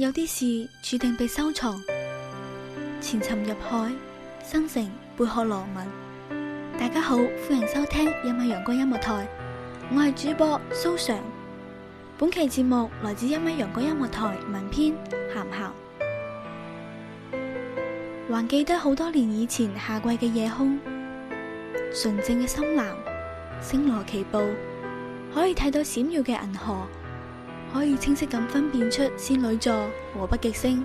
有啲事注定被收藏，沉潛入海，生成貝殼渦紋。大家好，歡迎收聽一米陽光音樂台，我係主播蘇常。本期節目來自一米陽光音樂台文篇、咸咸。還記得好多年以前夏季嘅夜空，純淨嘅深藍，星羅棋布，可以睇到閃耀嘅銀河。可以清晰咁分辨出仙女座和北極星。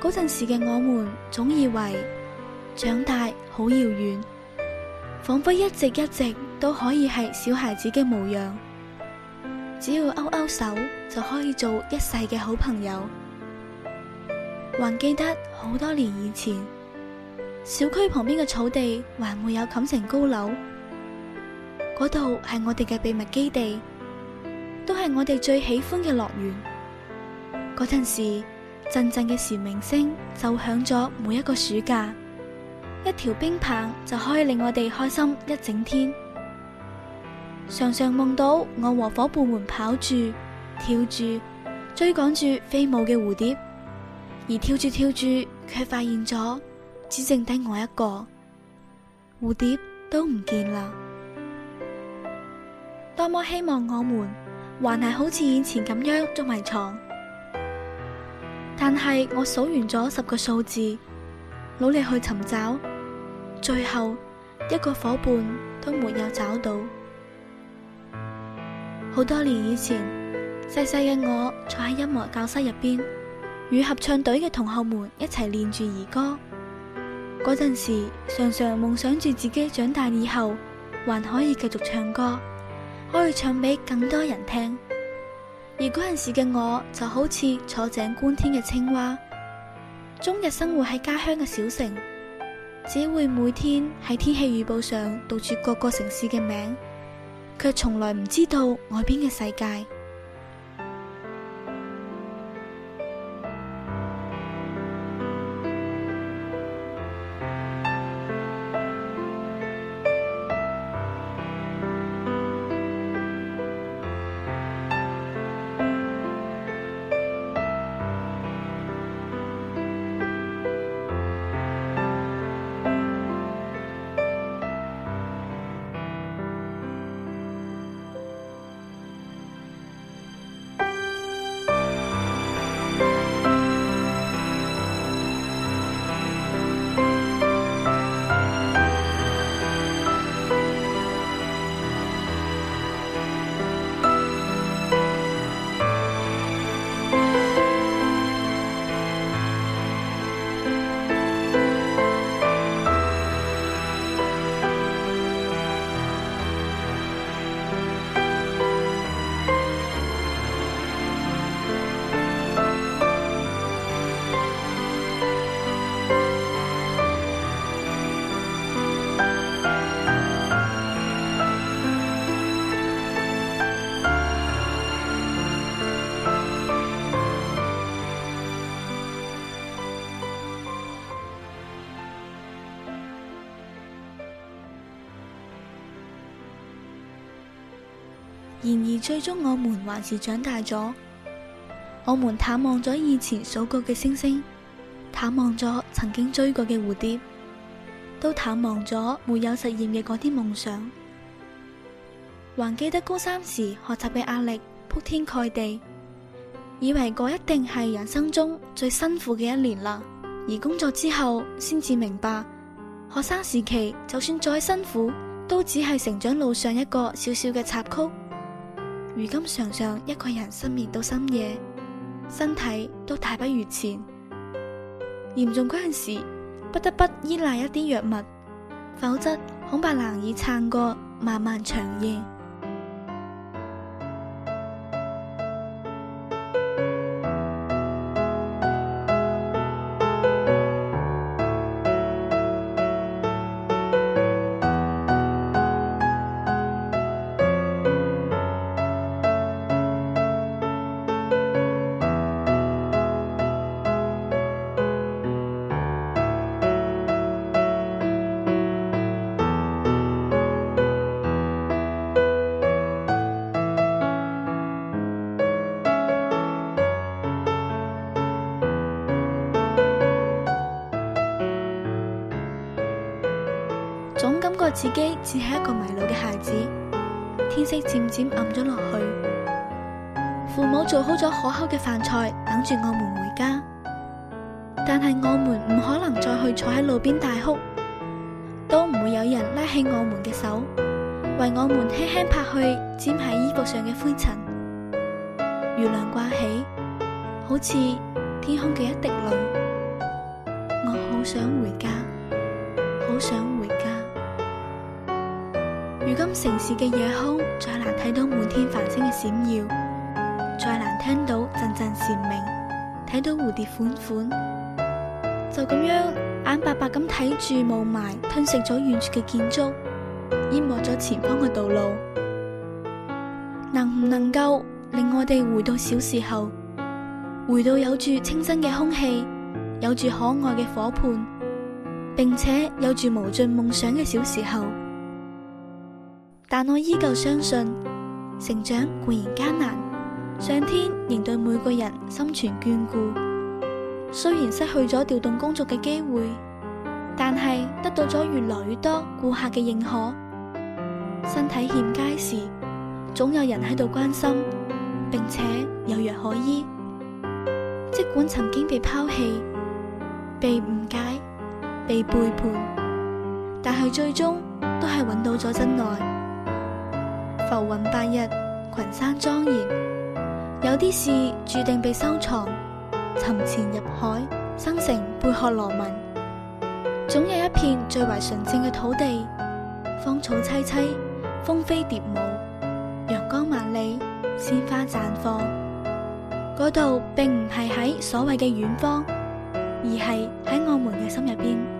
嗰陣時嘅我們總以為長大好遙遠，仿佛一直一直都可以係小孩子嘅模樣，只要勾勾手就可以做一世嘅好朋友。還記得好多年以前，小區旁邊嘅草地還沒有蓋成高樓，嗰度係我哋嘅秘密基地。都係我哋最喜歡嘅樂園。嗰陣時，陣陣嘅蟬鳴聲就響咗每一個暑假，一條冰棒就可以令我哋開心一整天。常常夢到我和伙伴們跑住、跳住、追趕住飛舞嘅蝴蝶，而跳住跳住，卻發現咗只剩低我一個。蝴蝶都唔見啦。多麼希望我們。還係好似以前咁樣捉迷藏，但係我數完咗十個數字，努力去尋找，最後一個伙伴都沒有找到。好多年以前，細細嘅我坐喺音樂教室入邊，與合唱隊嘅同學們一齊練住兒歌。嗰陣時，常常夢想住自己長大以後還可以繼續唱歌。可以唱俾更多人聽，而嗰陣時嘅我就好似坐井觀天嘅青蛙，終日生活喺家鄉嘅小城，只會每天喺天氣預報上讀住各個城市嘅名，卻從來唔知道外邊嘅世界。然而最終，我們還是長大咗。我們淡忘咗以前數過嘅星星，淡忘咗曾經追過嘅蝴蝶，都淡忘咗沒有實現嘅嗰啲夢想。還記得高三時學習嘅壓力鋪天蓋地，以為嗰一定係人生中最辛苦嘅一年啦。而工作之後，先至明白，學生時期就算再辛苦，都只係成長路上一個小小嘅插曲。如今常常一個人失眠到深夜，身體都大不如前，嚴重嗰陣時不得不依賴一啲藥物，否則恐怕難以撐過漫漫長夜。總感覺自己只係一個迷路嘅孩子，天色漸漸暗咗落去，父母做好咗可口嘅飯菜等住我們回家，但係我們唔可能再去坐喺路邊大哭，都唔會有人拉起我們嘅手，為我們輕輕拍去沾喺衣服上嘅灰塵。月亮掛起，好似天空嘅一滴淚，我好想回家，好想回。如今城市嘅夜空，再難睇到滿天繁星嘅閃耀，再難聽到陣陣蟬鳴，睇到蝴蝶款款，就咁樣眼白白咁睇住霧霾吞噬咗遠處嘅建築，淹沒咗前方嘅道路。能唔能夠令我哋回到小時候，回到有住清新嘅空氣，有住可愛嘅伙伴，並且有住無盡夢想嘅小時候？但我依舊相信，成長固然艱難，上天仍對每個人心存眷顧。雖然失去咗調動工作嘅機會，但係得到咗越來越多顧客嘅認可。身體欠佳時，總有人喺度關心，並且有藥可醫。即管曾經被拋棄、被誤解、被背叛，但係最終都係揾到咗真愛。浮雲白日，群山莊嚴。有啲事注定被收藏，沉潛入海，生成貝殼羅紋。總有一片最為純正嘅土地，芳草萋萋，蜂飛蝶舞，陽光萬里，鮮花綻放。嗰度並唔係喺所謂嘅遠方，而係喺我哋嘅心入邊。